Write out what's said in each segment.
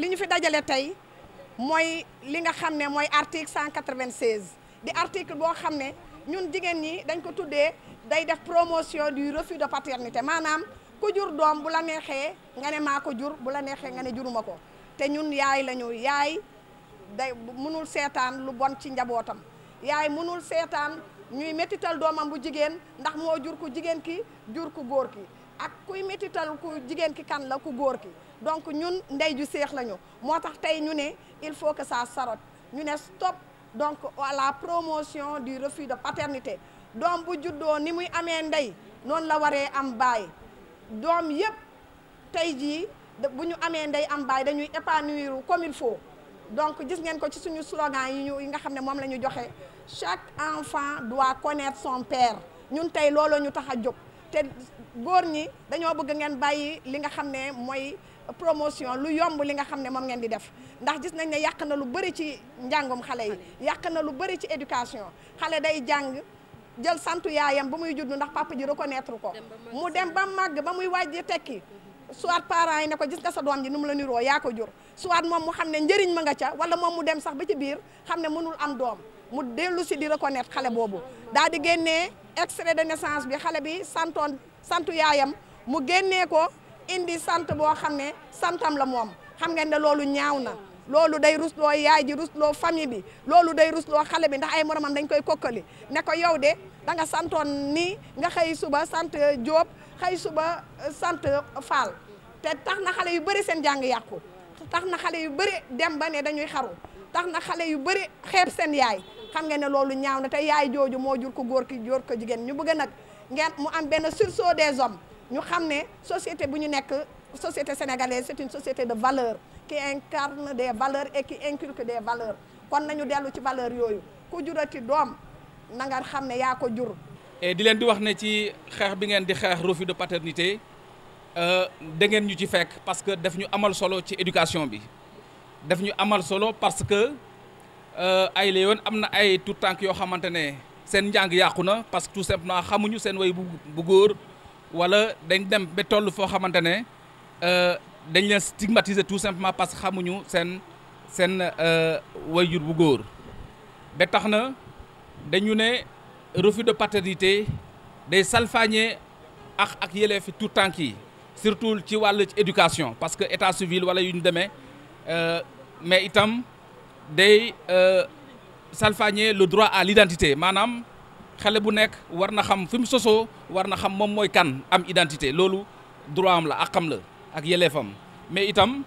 li ñu fi dajale tey mooy li nga xam ne mooy article 196 di article boo xam ne ñun jigéen ñi dañ ko tuddee day def promotion du refus de paternité maanaam ku jur doom bu la neexee nga ne maa ko jur bu la neexee nga ne juruma ko te ñun yaay lañu yaay day mënul seetaan lu bon ci njabootam yaay mënul seetaan ñuy métital doomam bu jigéen ndax moo jur ku jigéen ki jur ku góor ki ak kuy métital ku jigéen ki kan la ku góor ki donc ñun ndey ju seex lañu moo tax tey ñu ne il faut que ça s'arrête ñu ne stop donc à la promotion du refus de paternité doom bu juddoo ni muy amee ndey noonu la waree am baay doom yépp tey jii bu ñu amee ndey am baay dañuy épanouir comme il faut donc gis ngeen ko ci suñu slogan yi ñu yi nga xam ne moom la ñu joxe chaque enfant doit connaître son père ñun tey loolu ñu tax a jóg te góor ñi dañoo bëgg ngeen bàyyi li nga xam ne mooy promotion lu yomb li nga xam ne moom ngeen di def ndax gis nañ ne yàq na lu bëri ci njàngum xale yi yàq na lu bëri ci éducation xale day jàng jël santu yaayam ba muy juddu ndax papa ji reconnaître ko mu dem ba màgg ba muy wàjji tekki soit parent yi ne ko gis nga sa doom ji nu mu la niroo yaa ko jur soit moom mu xam ne njëriñ ma nga ca wala moom mu dem sax ba ci biir xam ne mënul am doom mu dellu si di reconnaître xale boobu di génnee extrait de naissance bi xale bi santoon santu yaayam mu génnee ko indi sant boo xam ne santam la moom xam ngeen ne loolu ñaaw na loolu day rusloo yaay ji rusloo famille bi loolu day rusloo xale bi ndax ay moromam dañ koy kokkali ne ko yow de da nga santoon nii nga xëy suba sant jóob xëy suba euh, sant Fall te tax na xale yu bëri seen jàng yàqu tax na xale yu bëri dem ba ne dañuy xaru tax na xale yu bëri xeeb seen yaay xam nga ne loolu ñaaw na te yaay jooju moo jur ko góor ki ko jigéen ñu bëgg nag ngeen mu am benn sursaut des hommes ñu xam ne société bu ñu nekk société sénégalaise c'est une société de valeur qui incarne des valeurs et qui inculque des valeurs kon nañu dellu ci valeur yooyu ku jurati doom na nga xam ne yaa ko jur et di leen di wax ne ci xeex bi ngeen di xeex refus de paternité euh, da ngeen ñu ci fekk parce que daf ñu amal solo ci éducation bi daf ñu amal solo Euh, ay la yoon am na ay tout tànk yoo xamante ne seen njàng yàqu na parce que tout simplement xamuñu seen way bu bu góor wala dañ dem ba toll foo xamante ne euh, dañ leen stigmatiser tout simplement parce que xamuñu seen seen euh, wayjur bu góor ba tax na dañu ne refus de paternité day salfaañee ak ak yëleefi tout tànk yi surtout ci wàllu éducation parce que état civil wala yu ñu demee mais itam. day euh, salfaañee le droit à l'identité maanaam xale bu nekk war na xam fi mu sosoo war na xam moom mooy kan am identité loolu droit am la ak xam la ak yelleefam mais itam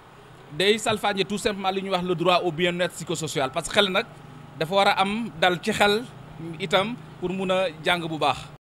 day salfaañee tout simplement li ñuy wax le droit au bien-être psychosocial parce que xel nag dafa war a am dal ci xel itam pour mun a jàng bu baax.